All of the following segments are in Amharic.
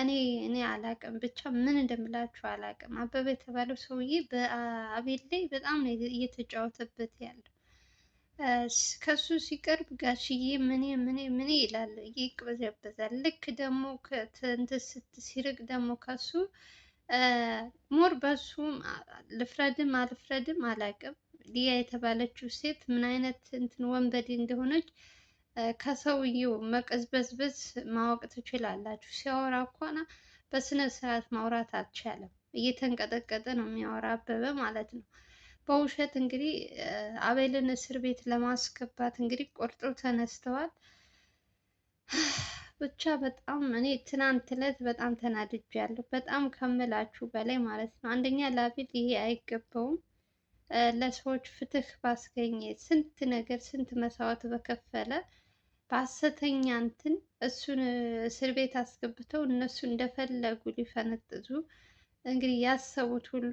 እኔ እኔ አላቅም ብቻ ምን እንደምላችሁ አላቅም። አበበ የተባለው ሰውዬ በአቤል ላይ በጣም ነው እየተጫወተበት ያለው። ከሱ ሲቀርብ ጋሽዬ ምኔ ምኔ ምኔ ይላል ይቅበዘበዛል። ልክ ደግሞ እንትን ሲርቅ ደግሞ ከሱ ሞር በሱ ልፍረድም አልፍረድም አላቅም። ሊያ የተባለችው ሴት ምን አይነት እንትን ወንበዴ እንደሆነች ከሰውየው መቀዝበዝበዝ ማወቅ ትችላላችሁ። ሲያወራ እኳና በስነ ስርዓት ማውራት አልቻለም። እየተንቀጠቀጠ ነው የሚያወራ አበበ ማለት ነው። በውሸት እንግዲህ አቤልን እስር ቤት ለማስገባት እንግዲህ ቆርጦ ተነስተዋል። ብቻ በጣም እኔ ትናንት ዕለት በጣም ተናድጃለሁ። በጣም ከምላችሁ በላይ ማለት ነው። አንደኛ ለአቤል ይሄ አይገባውም። ለሰዎች ፍትህ ባስገኘ ስንት ነገር ስንት መስዋዕት በከፈለ በሐሰተኛ እንትን እሱን እስር ቤት አስገብተው እነሱ እንደፈለጉ ሊፈነጥዙ እንግዲህ ያሰቡት ሁሉ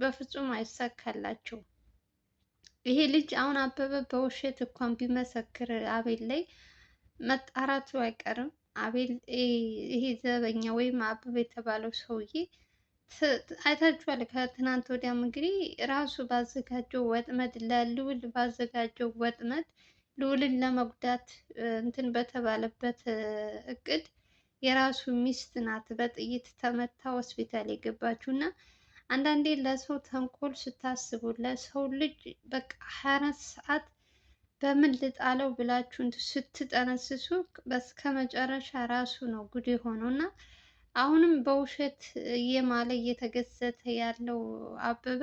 በፍጹም አይሳካላቸውም። ይሄ ልጅ አሁን አበበ በውሸት እንኳን ቢመሰክር አቤል ላይ መጣራቱ አይቀርም። አቤል ይሄ ዘበኛ ወይም አበበ የተባለው ሰውዬ አይታችኋል። ከትናንት ወዲያም እንግዲህ ራሱ ባዘጋጀው ወጥመድ ለልውል ባዘጋጀው ወጥመድ ልዑልን ለመጉዳት እንትን በተባለበት እቅድ የራሱ ሚስት ናት በጥይት ተመታ ሆስፒታል የገባችው እና አንዳንዴ ለሰው ተንኮል ስታስቡ ለሰው ልጅ በቃ ሀያ አራት ሰዓት በምን ልጣለው ብላችሁ ስትጠነስሱ እስከ መጨረሻ ራሱ ነው ጉድ የሆነው እና አሁንም በውሸት እየማለ እየተገዘተ ያለው አበበ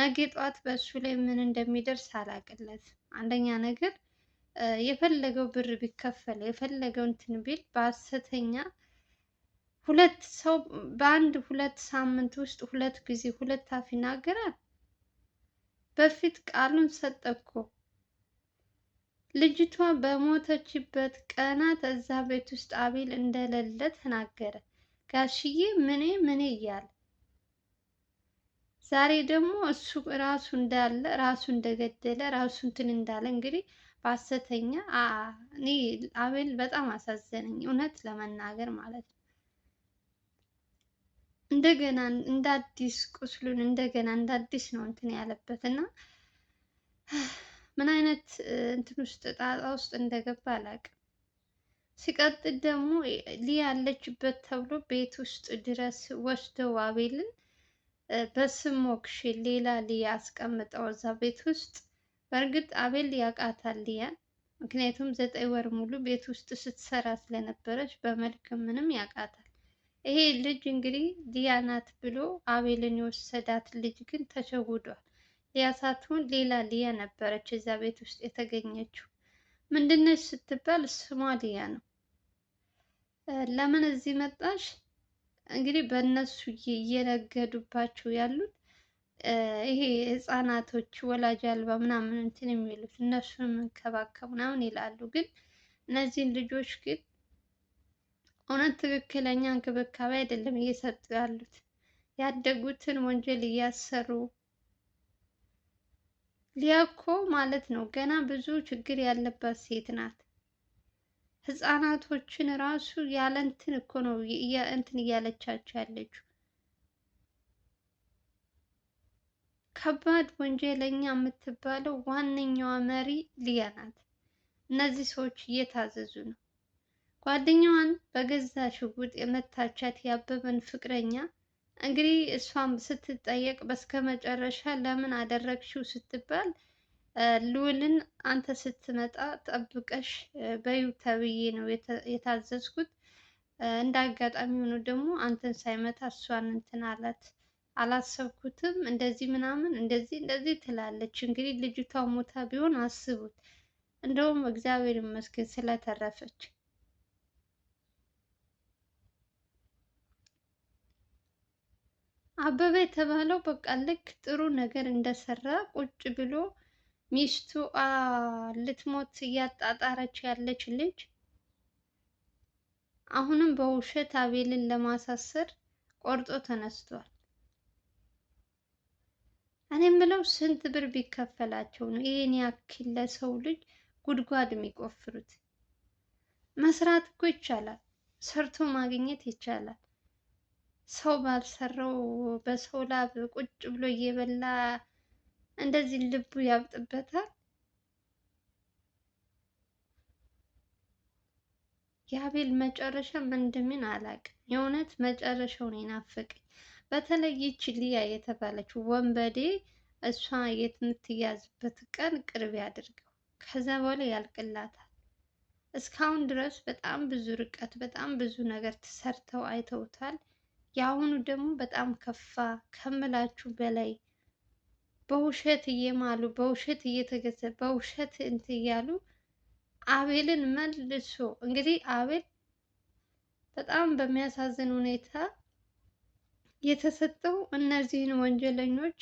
ነገ ጧት በእሱ ላይ ምን እንደሚደርስ አላቅለት። አንደኛ ነገር የፈለገው ብር ቢከፈል የፈለገው እንትን ቢል በሐሰተኛ ሁለት ሰው በአንድ ሁለት ሳምንት ውስጥ ሁለት ጊዜ ሁለት አፍ ይናገራል። በፊት ቃሉን ሰጠ እኮ ልጅቷ በሞተችበት ቀናት እዛ ቤት ውስጥ አቤል እንደሌለ ተናገረ። ጋሽዬ ምኔ ምኔ እያለ ዛሬ ደግሞ እሱ ራሱ እንዳለ ራሱ እንደገደለ ራሱ እንትን እንዳለ እንግዲህ በሐሰተኛ እኔ አቤል በጣም አሳዘነኝ፣ እውነት ለመናገር ማለት ነው። እንደገና እንደ አዲስ ቁስሉን እንደገና እንደ አዲስ ነው እንትን ያለበት እና ምን አይነት እንትን ውስጥ ጣጣ ውስጥ እንደገባ አላውቅም። ሲቀጥል ደግሞ ሊያ ያለችበት ተብሎ ቤት ውስጥ ድረስ ወስደው አቤልን በስሞክሽ ሌላ ሊያ አስቀምጠው እዛ ቤት ውስጥ በእርግጥ አቤል ያውቃታል ሊያን። ምክንያቱም ዘጠኝ ወር ሙሉ ቤት ውስጥ ስትሰራ ስለነበረች በመልክ ምንም ያውቃታል። ይሄ ልጅ እንግዲህ ሊያ ናት ብሎ አቤልን የወሰዳት ልጅ ግን ተሸውዷል። ሊያ ሳትሆን ሌላ ሊያ ነበረች እዛ ቤት ውስጥ የተገኘችው። ምንድነች ስትባል ስሟ ሊያ ነው። ለምን እዚህ መጣሽ? እንግዲህ በእነሱ እየነገዱባቸው ያሉት ይሄ ህፃናቶች ወላጅ አልባ ምናምን እንትን የሚሉት እነሱ የምንከባከብ ምናምን ይላሉ። ግን እነዚህን ልጆች ግን እውነት ትክክለኛ እንክብካቤ አይደለም እየሰጡ ያሉት። ያደጉትን ወንጀል እያሰሩ ሊያኮ ማለት ነው ገና ብዙ ችግር ያለባት ሴት ናት። ህፃናቶችን ራሱ ያለ እንትን እኮ ነው እንትን እያለቻቸው ያለችው ከባድ ወንጀለኛ የምትባለው ዋነኛዋ መሪ ሊያ ናት። እነዚህ ሰዎች እየታዘዙ ነው። ጓደኛዋን በገዛ ሽጉጥ የመታቻት ያበበን ፍቅረኛ እንግዲህ እሷም ስትጠየቅ በስከ መጨረሻ ለምን አደረግሽው ስትባል ልዑልን አንተ ስትመጣ ጠብቀሽ በዩ ተብዬ ነው የታዘዝኩት። እንደ አጋጣሚ ሆኖ ደግሞ አንተን ሳይመታ እሷን እንትን አላት አላሰብኩትም እንደዚህ ምናምን እንደዚህ እንደዚህ ትላለች። እንግዲህ ልጅቷ ሞታ ቢሆን አስቡት። እንደውም እግዚአብሔር ይመስገን ስለተረፈች። አበበ የተባለው በቃ ልክ ጥሩ ነገር እንደሰራ ቁጭ ብሎ ሚስቱ ልትሞት እያጣጣረች ያለች ልጅ አሁንም በውሸት አቤልን ለማሳሰር ቆርጦ ተነስቷል። እኔ የምለው ስንት ብር ቢከፈላቸው ነው ይህን ያክል ለሰው ልጅ ጉድጓድ የሚቆፍሩት? መስራት እኮ ይቻላል፣ ሰርቶ ማግኘት ይቻላል። ሰው ባልሰራው በሰው ላብ ቁጭ ብሎ እየበላ እንደዚህ ልቡ ያብጥበታል። የአቤል መጨረሻ ምንድምን አላውቅም። የእውነት መጨረሻውን ይናፍቀኝ። በተለይ ይቺ ሊያ የተባለች ወንበዴ እሷ የምትያዝበት ቀን ቅርብ ያድርገው። ከዛ በኋላ ያልቅላታል። እስካሁን ድረስ በጣም ብዙ ርቀት፣ በጣም ብዙ ነገር ተሰርተው አይተውታል። የአሁኑ ደግሞ በጣም ከፋ ከምላችሁ በላይ በውሸት እየማሉ በውሸት እየተገዘ በውሸት እንት እያሉ አቤልን መልሶ እንግዲህ አቤል በጣም በሚያሳዝን ሁኔታ የተሰጠው እነዚህን ወንጀለኞች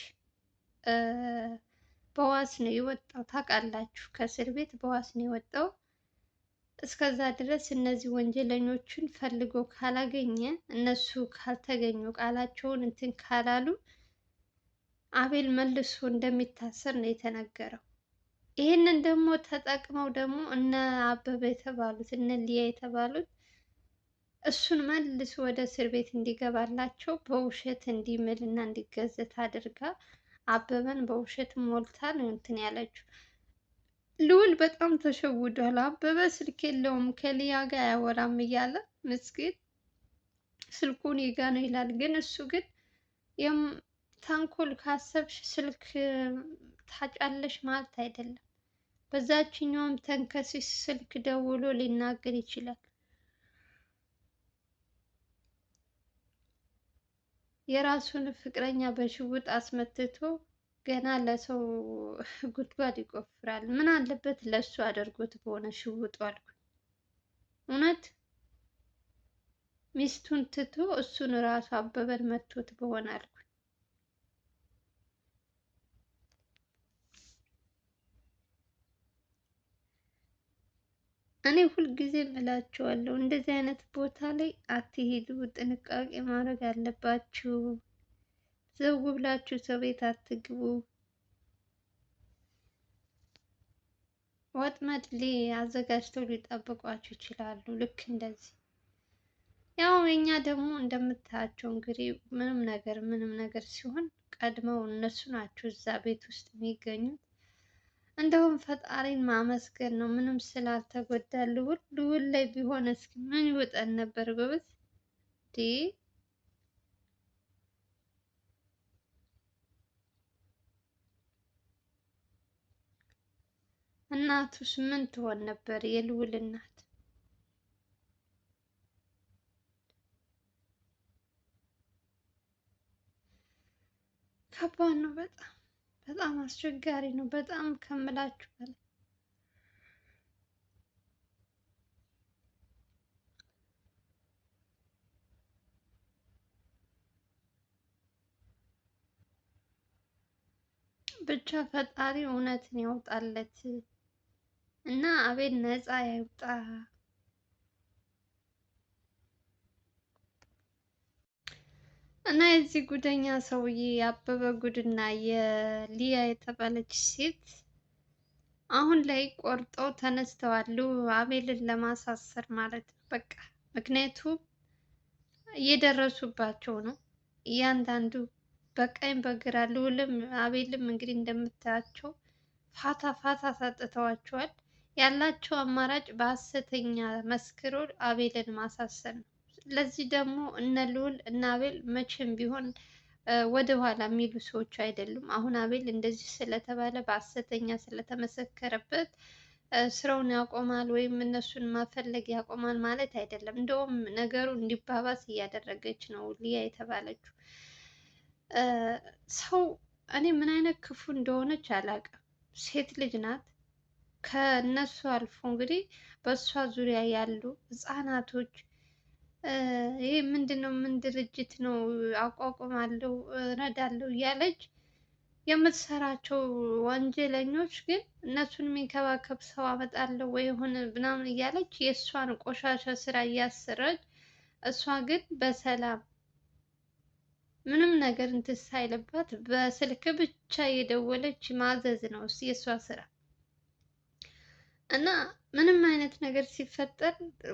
በዋስ ነው የወጣው። ታውቃላችሁ፣ ከእስር ቤት በዋስ ነው የወጣው። እስከዛ ድረስ እነዚህ ወንጀለኞችን ፈልጎ ካላገኘ እነሱ ካልተገኙ ቃላቸውን እንትን ካላሉ አቤል መልሶ እንደሚታሰር ነው የተነገረው። ይህንን ደግሞ ተጠቅመው ደግሞ እነ አበበ የተባሉት እነ ሊያ የተባሉት እሱን መልስ ወደ እስር ቤት እንዲገባላቸው በውሸት እንዲምል እና እንዲገዘት አድርጋ አበበን በውሸት ሞልታ ነው እንትን ያለችው። ልውል በጣም ተሸውዷል። አበበ ስልክ የለውም ከሊያ ጋር አያወራም እያለ ምስኪን ስልኩን ይጋ ነው ይላል። ግን እሱ ግን ተንኮል ካሰብሽ ስልክ ታጫለሽ ማለት አይደለም። በዛችኛውም ተንከሲስ ስልክ ደውሎ ሊናገር ይችላል። የራሱን ፍቅረኛ በሽውጥ አስመትቶ ገና ለሰው ጉድጓድ ይቆፍራል። ምን አለበት ለሱ አድርጎት በሆነ ሽጉጡ አልኩ። እውነት ሚስቱን ትቶ እሱን ራሱ አበበን መቶት በሆነ አልኩ። እኔ ሁልጊዜ እላቸዋለሁ እንደዚህ አይነት ቦታ ላይ አትሄዱ፣ ጥንቃቄ ማድረግ አለባችሁ። ዘው ብላችሁ ሰው ቤት አትግቡ። ወጥመድ ላይ አዘጋጅተው ሊጠብቋችሁ ይችላሉ። ልክ እንደዚህ ያው እኛ ደግሞ እንደምታያቸው እንግዲህ ምንም ነገር ምንም ነገር ሲሆን ቀድመው እነሱ ናቸው እዛ ቤት ውስጥ የሚገኙት። እንደውም ፈጣሪን ማመስገን ነው። ምንም ስላልተጎዳ ልውል ልውል ላይ ቢሆን እስኪ ምን ይውጠን ነበር ጎበዝ። እናቱስ ምን ትሆን ነበር? የልውል እናት ከባድ ነው በጣም በጣም አስቸጋሪ ነው። በጣም ከምላችሁ በላይ ብቻ ፈጣሪ እውነትን ያውጣለት እና አቤል ነፃ ያውጣ። እና የዚህ ጉደኛ ሰውዬ የአበበ ጉድና የሊያ የተባለች ሴት አሁን ላይ ቆርጠው ተነስተዋል፣ አቤልን ለማሳሰር ማለት ነው። በቃ ምክንያቱም እየደረሱባቸው ነው። እያንዳንዱ በቀኝ በግራ ልውልም አቤልም እንግዲህ እንደምታያቸው ፋታ ፋታ ሰጥተዋቸዋል። ያላቸው አማራጭ በሀሰተኛ መስክሮ አቤልን ማሳሰር ነው። ለዚህ ደግሞ እነ ልዑል እና አቤል መቼም ቢሆን ወደ ኋላ የሚሉ ሰዎች አይደሉም። አሁን አቤል እንደዚህ ስለተባለ በሐሰተኛ ስለተመሰከረበት ስራውን ያቆማል ወይም እነሱን ማፈለግ ያቆማል ማለት አይደለም። እንደውም ነገሩ እንዲባባስ እያደረገች ነው ሊያ የተባለችው ሰው። እኔ ምን አይነት ክፉ እንደሆነች አላውቅም። ሴት ልጅ ናት። ከእነሱ አልፎ እንግዲህ በእሷ ዙሪያ ያሉ ህጻናቶች። ይህ ምንድን ነው? ምን ድርጅት ነው አቋቁማለሁ እረዳለሁ እያለች የምትሰራቸው ወንጀለኞች ግን እነሱን የሚንከባከብ ሰው አመጣለሁ ወይ የሆነ ምናምን እያለች የእሷን ቆሻሻ ስራ እያሰራች እሷ ግን በሰላም ምንም ነገር እንትን ሳይልባት በስልክ ብቻ የደወለች ማዘዝ ነው የእሷ ስራ እና ምንም አይነት ነገር ሲፈጠር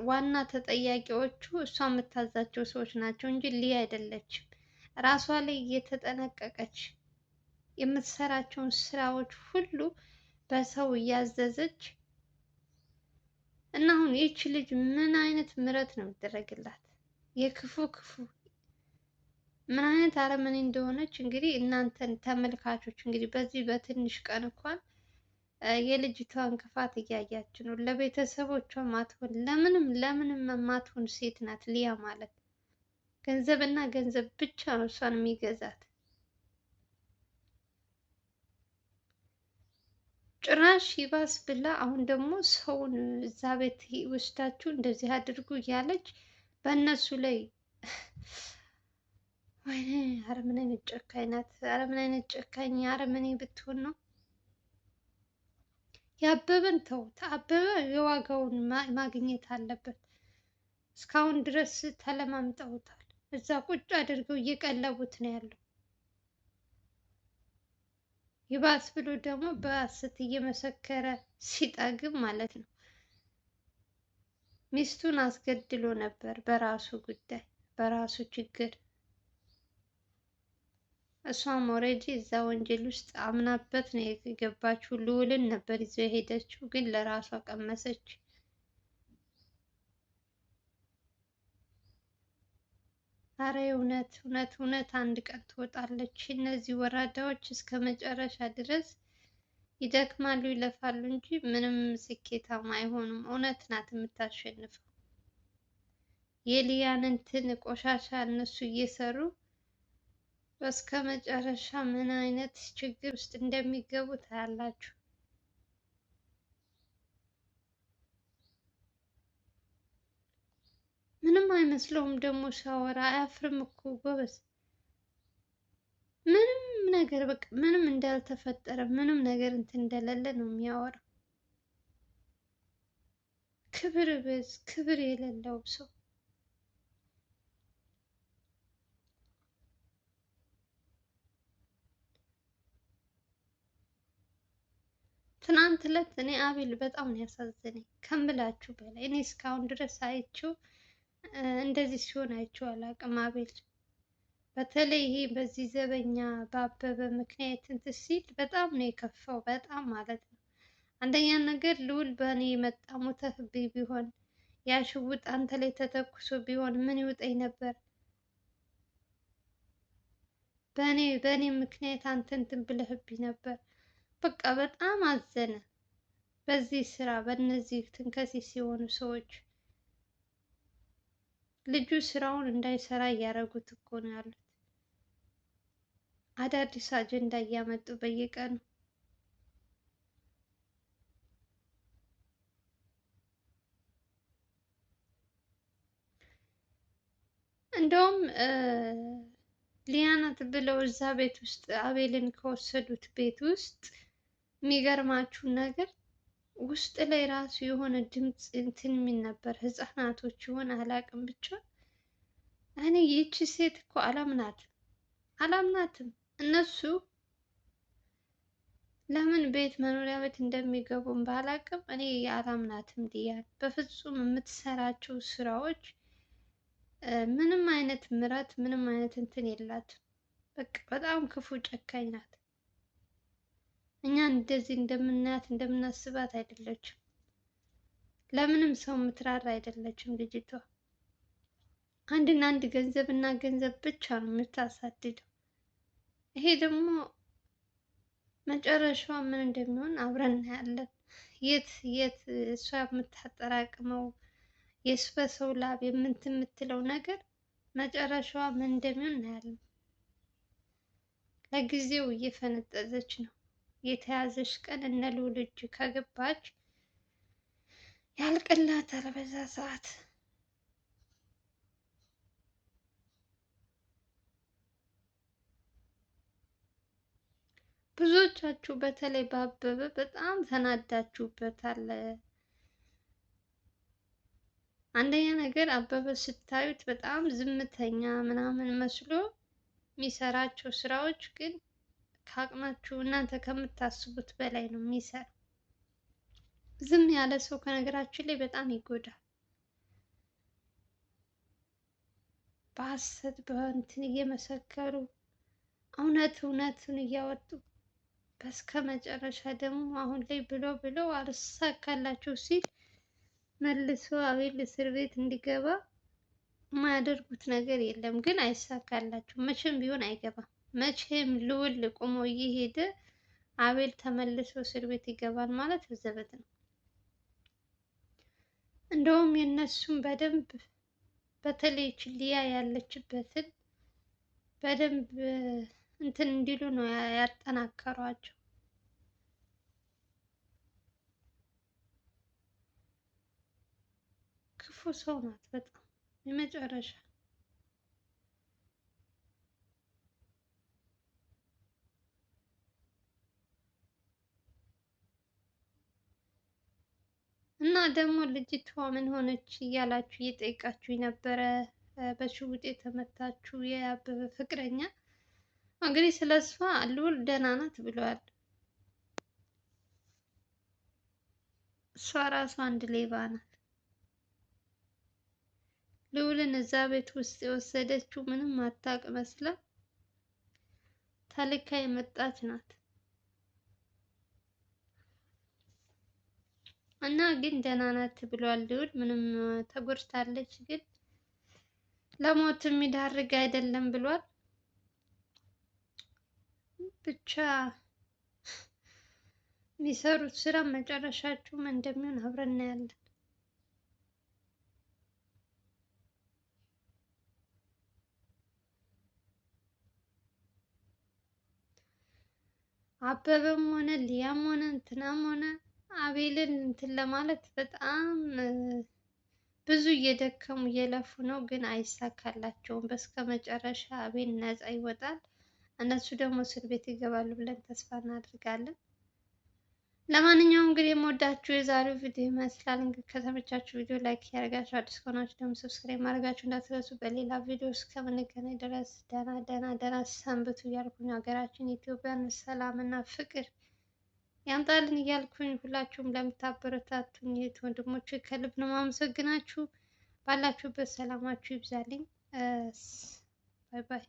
ዋና ተጠያቂዎቹ እሷ የምታዛቸው ሰዎች ናቸው እንጂ ሊያ አይደለችም። ራሷ ላይ እየተጠነቀቀች የምትሰራቸውን ስራዎች ሁሉ በሰው እያዘዘች እና አሁን ይህች ልጅ ምን አይነት ምረት ነው የሚደረግላት? የክፉ ክፉ ምን አይነት አረመኔ እንደሆነች እንግዲህ እናንተን ተመልካቾች እንግዲህ በዚህ በትንሽ ቀን እንኳን የልጅቷን ክፋት እያያችሁ ነው። ለቤተሰቦቿ ማትሆን ለምንም ለምንም ማትሆን ሴት ናት ሊያ ማለት ገንዘብ እና ገንዘብ ብቻ ነው እሷን የሚገዛት። ጭራሽ ይባስ ብላ አሁን ደግሞ ሰውን እዛ ቤት ወስዳችሁ እንደዚህ አድርጉ እያለች በእነሱ ላይ ወይኔ፣ አረምን አይነት ጨካኝ ናት። አረምን አይነት ጨካኝ አረምን ብትሆን ነው የአበበን ተውት። አበበ የዋጋውን ማግኘት አለበት። እስካሁን ድረስ ተለማምጠውታል። እዛ ቁጭ አድርገው እየቀለቡት ነው ያለው። ይባስ ብሎ ደግሞ በሐሰት እየመሰከረ ሲጠግብ ማለት ነው። ሚስቱን አስገድሎ ነበር በራሱ ጉዳይ በራሱ ችግር እሷም ኦልሬዲ እዛ ወንጀል ውስጥ አምናበት ነው የገባችው። ልዑልን ነበር ይዞ የሄደችው፣ ግን ለራሷ ቀመሰች። አረ እውነት እውነት እውነት አንድ ቀን ትወጣለች። እነዚህ ወራዳዎች እስከ መጨረሻ ድረስ ይደክማሉ፣ ይለፋሉ እንጂ ምንም ስኬታማ አይሆኑም። እውነት ናት የምታሸንፈው። የሊያን እንትን ቆሻሻ እነሱ እየሰሩ በስከ መጨረሻ ምን አይነት ችግር ውስጥ እንደሚገቡ ታያላችሁ። ምንም አይመስለውም ደግሞ ሲያወራ አያፍርም እኮ ጎበዝ። ምንም ነገር በቃ ምንም እንዳልተፈጠረ ምንም ነገር እንትን እንደሌለ ነው የሚያወራው። ክብር በዝ ክብር የሌለው ሰው ትናንት ዕለት እኔ አቤል በጣም ነው ያሳዘነኝ ከምላችሁ በላይ። እኔ እስካሁን ድረስ አይቼው እንደዚህ ሲሆን አይቼው አላውቅም። አቤል በተለይ ይሄ በዚህ ዘበኛ በአበበ ምክንያት እንትን ሲል በጣም ነው የከፋው። በጣም ማለት ነው። አንደኛ ነገር ልውል በእኔ የመጣ ሞተህብኝ ቢሆን ያ ሽጉጥ አንተ ላይ ተተኩሶ ቢሆን ምን ይውጠኝ ነበር? በእኔ በእኔ ምክንያት አንተ እንትን ብለህብኝ ነበር በቃ በጣም አዘነ። በዚህ ስራ በእነዚህ ትንከሲስ ሲሆኑ ሰዎች ልጁ ስራውን እንዳይሰራ እያደረጉት እኮ ነው ያሉት። አዳዲስ አጀንዳ እያመጡ በየቀኑ እንደውም ሊያናት ብለው እዛ ቤት ውስጥ አቤልን ከወሰዱት ቤት ውስጥ የሚገርማችሁ ነገር ውስጥ ላይ ራሱ የሆነ ድምፅ እንትን የሚል ነበር። ህፃናቶች የሆነ አላቅም ብቻ እኔ ይቺ ሴት እኮ አላምናትም አላምናትም። እነሱ ለምን ቤት መኖሪያ ቤት እንደሚገቡም ባላቅም እኔ አላምናትም ዲያን በፍጹም የምትሰራቸው ስራዎች ምንም አይነት ምረት ምንም አይነት እንትን የላትም። በቃ በጣም ክፉ ጨካኝ ናት። እኛ እንደዚህ እንደምናያት እንደምናስባት አይደለችም። ለምንም ሰው የምትራራ አይደለችም ልጅቷ። አንድና አንድ ገንዘብ እና ገንዘብ ብቻ ነው የምታሳድደው። ይሄ ደግሞ መጨረሻዋ ምን እንደሚሆን አብረን እናያለን። የት የት እሷ የምታጠራቅመው የእሱ በሰው ላብ የምንት የምትለው ነገር መጨረሻዋ ምን እንደሚሆን እናያለን። ለጊዜው እየፈነጠዘች ነው። የተያዘች ቀን እነ ልዑል እጅ ከገባች ያልቅላታል በዛ ሰዓት። ብዙዎቻችሁ በተለይ በአበበ በጣም ተናዳችሁበታል። አንደኛ ነገር አበበ ስታዩት በጣም ዝምተኛ ምናምን መስሎ የሚሰራቸው ስራዎች ግን ከአቅማችሁ እናንተ ከምታስቡት በላይ ነው የሚሰራው። ዝም ያለ ሰው ከነገራችን ላይ በጣም ይጎዳል። በሐሰት በእንትን እየመሰከሩ እውነት እውነትን እያወጡ በስከ መጨረሻ ደግሞ አሁን ላይ ብሎ ብሎ አልሳካላቸው ሲል መልሶ አቤል እስር ቤት እንዲገባ የማያደርጉት ነገር የለም። ግን አይሳካላቸው መቼም ቢሆን አይገባም። መቼም ልዑል ቆሞ እየሄደ አቤል ተመልሶ እስር ቤት ይገባል ማለት ዘበት ነው። እንደውም የእነሱን በደንብ በተለይ ችልያ ያለችበትን በደንብ እንትን እንዲሉ ነው ያጠናከሯቸው። ክፉ ሰው ናት በጣም የመጨረሻ እና ደግሞ ልጅቷ ምን ሆነች እያላችሁ እየጠየቃችሁ ነበረ በሽጉጥ የተመታችሁ የአበበ ፍቅረኛ እንግዲህ ስለ እሷ ልዑል ደህና ናት ብለዋል። እሷ ራሷ አንድ ሌባ ናት። ልዑልን እዛ ቤት ውስጥ የወሰደችው ምንም አታውቅ መስላ ተልካ የመጣች ናት። እና ግን ደህና ናት ብሏል ልዑል። ምንም ተጎድታለች፣ ግን ለሞት የሚዳርግ አይደለም ብሏል። ብቻ የሚሰሩት ስራ መጨረሻቸውም እንደሚሆን አብረን እናያለን። አበበም ሆነ ሊያም ሆነ እንትናም ሆነ አቤልን እንትን ለማለት በጣም ብዙ እየደከሙ እየለፉ ነው፣ ግን አይሳካላቸውም። በስከ መጨረሻ አቤል ነፃ ይወጣል፣ እነሱ ደግሞ እስር ቤት ይገባሉ ብለን ተስፋ እናደርጋለን። ለማንኛውም እንግዲህ የምወዳችሁ የዛሬው ቪዲዮ ይመስላል። እንግዲህ ከተመቻችሁ ቪዲዮ ላይክ ያደርጋችሁ፣ አዲስ ከሆናችሁ ደግሞ ሰብስክራይብ ማድረጋችሁ እንዳትረሱ። በሌላ ቪዲዮ እስከምንገናኝ ድረስ ደህና ደህና ደህና ሰንብቱ እያልኩኝ ሀገራችን ኢትዮጵያን ሰላምና ፍቅር ያምጣልን እያልኩኝ ሁላችሁም ለምታበረታቱኝ እህት ወንድሞች ከልብ ነው ማመሰግናችሁ። ባላችሁበት ሰላማችሁ ይብዛልኝ። ባይ ባይ።